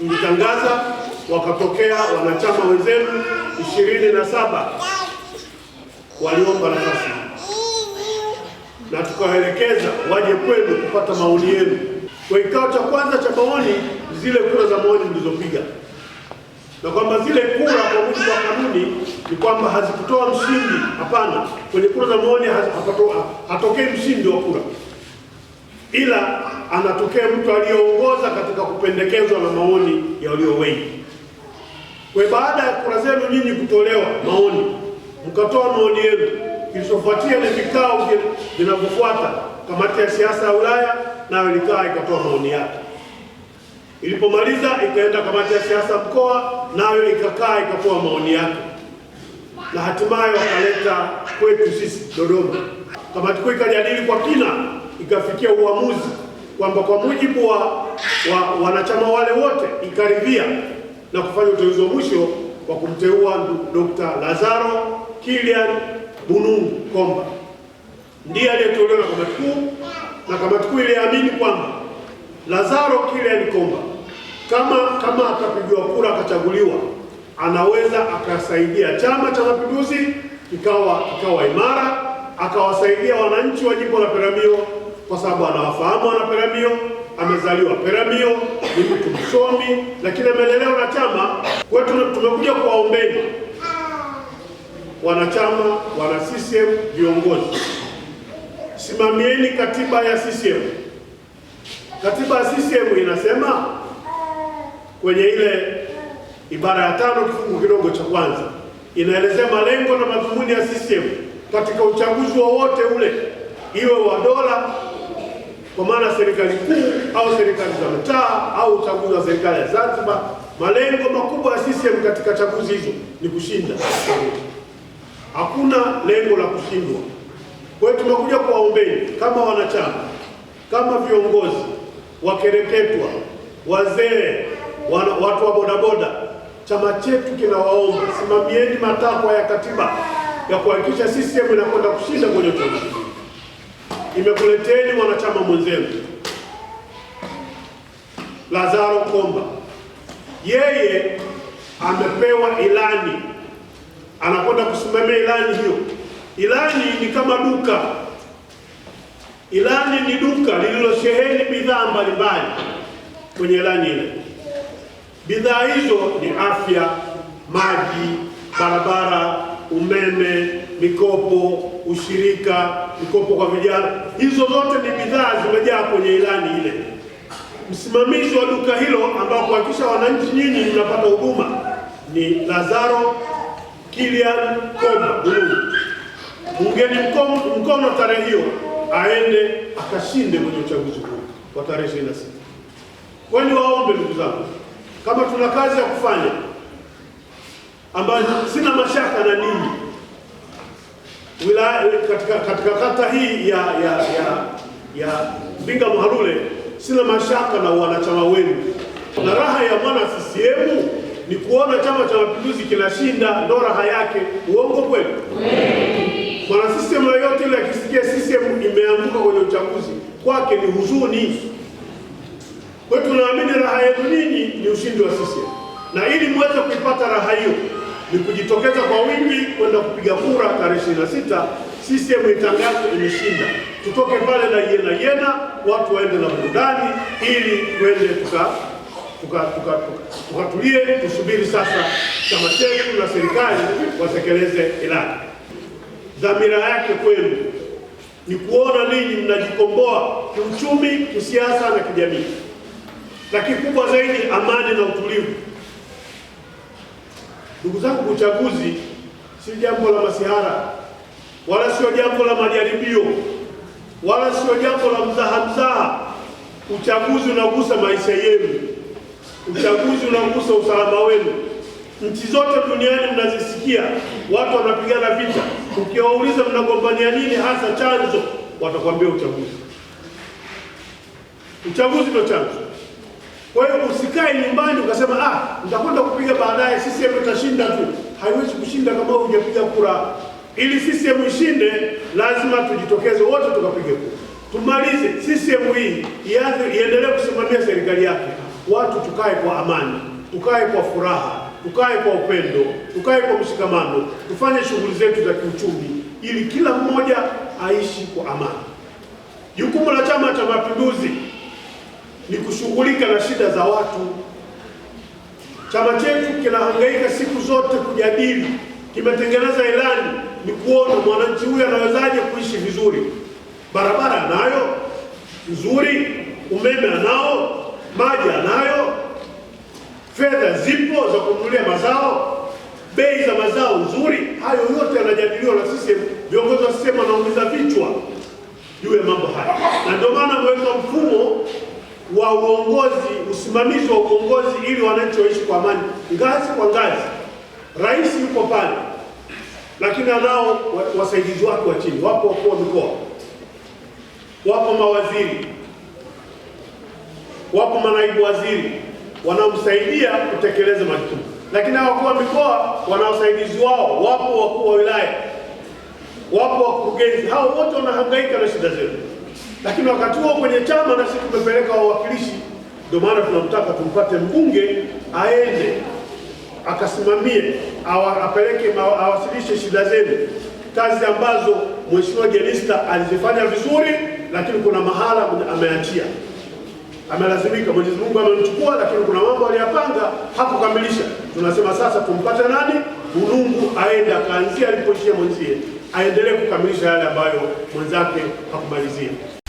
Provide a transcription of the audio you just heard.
tulitangaza, wakatokea wanachama wenzenu ishirini na saba waliomba nafasi na tukawaelekeza waje kwenu kupata maoni yenu. Kwa kikao cha kwanza cha maoni, zile kura za maoni mlizopiga, na kwamba zile kura kwa mujibu wa kanuni ni kwamba hazikutoa mshindi. Hapana, kwenye kura za maoni hatokei mshindi wa kura, ila anatokea mtu aliyeongoza katika kupendekezwa na maoni ya walio wengi. Kwa baada ya kura zenu nyinyi kutolewa maoni, mkatoa maoni yenu, kilichofuatia ni vikao vinavyofuata, kamati ya siasa ya Ulaya nayo ilikaa ikatoa maoni yake. Ilipomaliza ikaenda kamati ya siasa mkoa, nayo ikakaa ikatoa maoni yake, na hatimaye wakaleta kwetu sisi Dodoma. Kamati kuu ikajadili kwa kina, ikafikia uamuzi kwamba kwa mujibu wa, wa wanachama wale wote ikaridhia na kufanya uteuzi wa mwisho wa kumteua Dr. Lazaro Kilian Bunungu Komba ndiye aliyeteuliwa na kamati kuu, na kamati kuu iliamini kwamba Lazaro Kilian Komba kama kama akapigiwa kura akachaguliwa, anaweza akasaidia Chama cha Mapinduzi kikawa kikawa imara, akawasaidia wananchi wa jimbo la Peramiho kwa sababu anawafahamu ana Peramiho, amezaliwa Peramiho, ni mtu msomi, lakini amelelewa na chama. Kwa hiyo tumekuja kuwaombeni wanachama, wana CCM, viongozi, simamieni katiba ya CCM. Katiba ya CCM inasema kwenye ile ibara ya tano kifungu kidogo cha kwanza inaelezea malengo na madhumuni ya CCM katika uchaguzi wowote ule, iwe wa dola kwa maana serikali kuu au serikali za mtaa au uchaguzi wa serikali ya Zanzibar. Malengo makubwa ya CCM katika chaguzi hizo ni kushinda, hakuna lengo la kushindwa. Kwa hiyo tumekuja kuwaombeni kama wanachama, kama viongozi, wakereketwa, wazee, watu wa bodaboda, chama chetu kinawaomba, simamieni matakwa ya katiba ya kuhakikisha CCM inakwenda kushinda kwenye uchaguzi imekuleteni mwanachama mwenzenu Lazaro Komba, yeye amepewa ilani, anakwenda kusimamia ilani hiyo. Ilani ni kama duka, ilani ni duka lililosheheni bidhaa mbalimbali. Kwenye ilani ile, bidhaa hizo ni afya, maji, barabara, umeme mikopo, ushirika, mikopo kwa vijana, hizo zote ni bidhaa zimejaa kwenye ilani ile. Msimamizi wa duka hilo ambao kuhakikisha wananchi nyinyi mnapata huduma ni Lazaro Kilian Komba. Mungeni mkono tarehe hiyo aende akashinde kwenye uchaguzi huu kwa tarehe 26. Kwa waombe ndugu zangu, kama tuna kazi ya kufanya ambayo sina mashaka na ninyi wilaya eh, katika, katika kata hii ya ya ya, ya Mbinga Mharule sina mashaka na wanachama wenu, na raha ya mwana CCM ni kuona Chama cha Mapinduzi kinashinda, ndo raha yake. Uongo kweli? Mwana CCM yoyote ile akisikia CCM imeanguka kwenye uchaguzi kwake ni huzuni. kwetu tunaamini raha yetu ninyi ni ushindi wa CCM, na ili muweze kuipata raha hiyo ni kujitokeza kwa wingi kwenda kupiga kura tarehe 26. CCM itangazo imeshinda, tutoke pale na yena yena, watu waende na burudani, ili twende tuka tukatulie tuka, tuka tusubiri sasa chama chetu na serikali watekeleze ilani. Dhamira yake kwenu ni kuona ninyi mnajikomboa kiuchumi, kisiasa na kijamii, na kikubwa zaidi amani na utulivu Ndugu zangu, uchaguzi si jambo la masihara, wala sio jambo la majaribio, wala sio jambo la mzaha mzaha. Uchaguzi unagusa maisha yenu, uchaguzi unagusa usalama wenu. Nchi zote duniani mnazisikia watu wanapigana vita, ukiwauliza mnagombania nini hasa chanzo, watakwambia uchaguzi. Uchaguzi ndio chanzo. Kwa hiyo usikae nyumbani ukasema ah, nitakwenda kupiga baadaye, CCM itashinda tu. Haiwezi kushinda kama hujapiga kura. Ili CCM ishinde, lazima tujitokeze wote tukapige kura, tumalize CCM hii iendelee kusimamia serikali yake. Watu tukae kwa amani, tukae kwa furaha, tukae kwa upendo, tukae kwa mshikamano, tufanye shughuli zetu za kiuchumi, ili kila mmoja aishi kwa amani. Jukumu la Chama cha Mapinduzi ni kushughulika na shida za watu. Chama chetu kinahangaika siku zote kujadili, kimetengeneza ilani, ni kuona mwananchi huyu anawezaje kuishi vizuri. Barabara anayo nzuri, umeme anao, maji anayo, fedha zipo za kununulia mazao, bei za mazao nzuri. Hayo yote yanajadiliwa na sisi viongozi wa sisi, wanaongeza vichwa juu ya mambo haya, na ndio maana mweka mfumo wa uongozi, usimamizi wa uongozi ili wananchi waishi kwa amani, ngazi kwa ngazi. Rais yuko pale, lakini anao wasaidizi wake wa chini, wapo wakuu wa mikoa, wapo mawaziri, wapo manaibu waziri wanaomsaidia kutekeleza majukumu, lakini hao wakuu wa mikoa wana wasaidizi wao, wapo wakuu wa wilaya, wapo wakurugenzi, hao wote wanahangaika na shida zetu lakini wakati huo kwenye chama na sisi tumepeleka wawakilishi, ndio maana tunamtaka tumpate mbunge aende akasimamie awa, apeleke awasilishe shida zenu, kazi ambazo mheshimiwa Jenista alizifanya vizuri, lakini kuna mahala ameachia, amelazimika. Mwenyezi Mungu amemchukua, lakini kuna mambo aliyapanga hakukamilisha. Tunasema sasa tumpate nani, Lunungu aende akaanzia alipoishia mwenzie, aendelee kukamilisha yale ambayo mwenzake hakumalizia.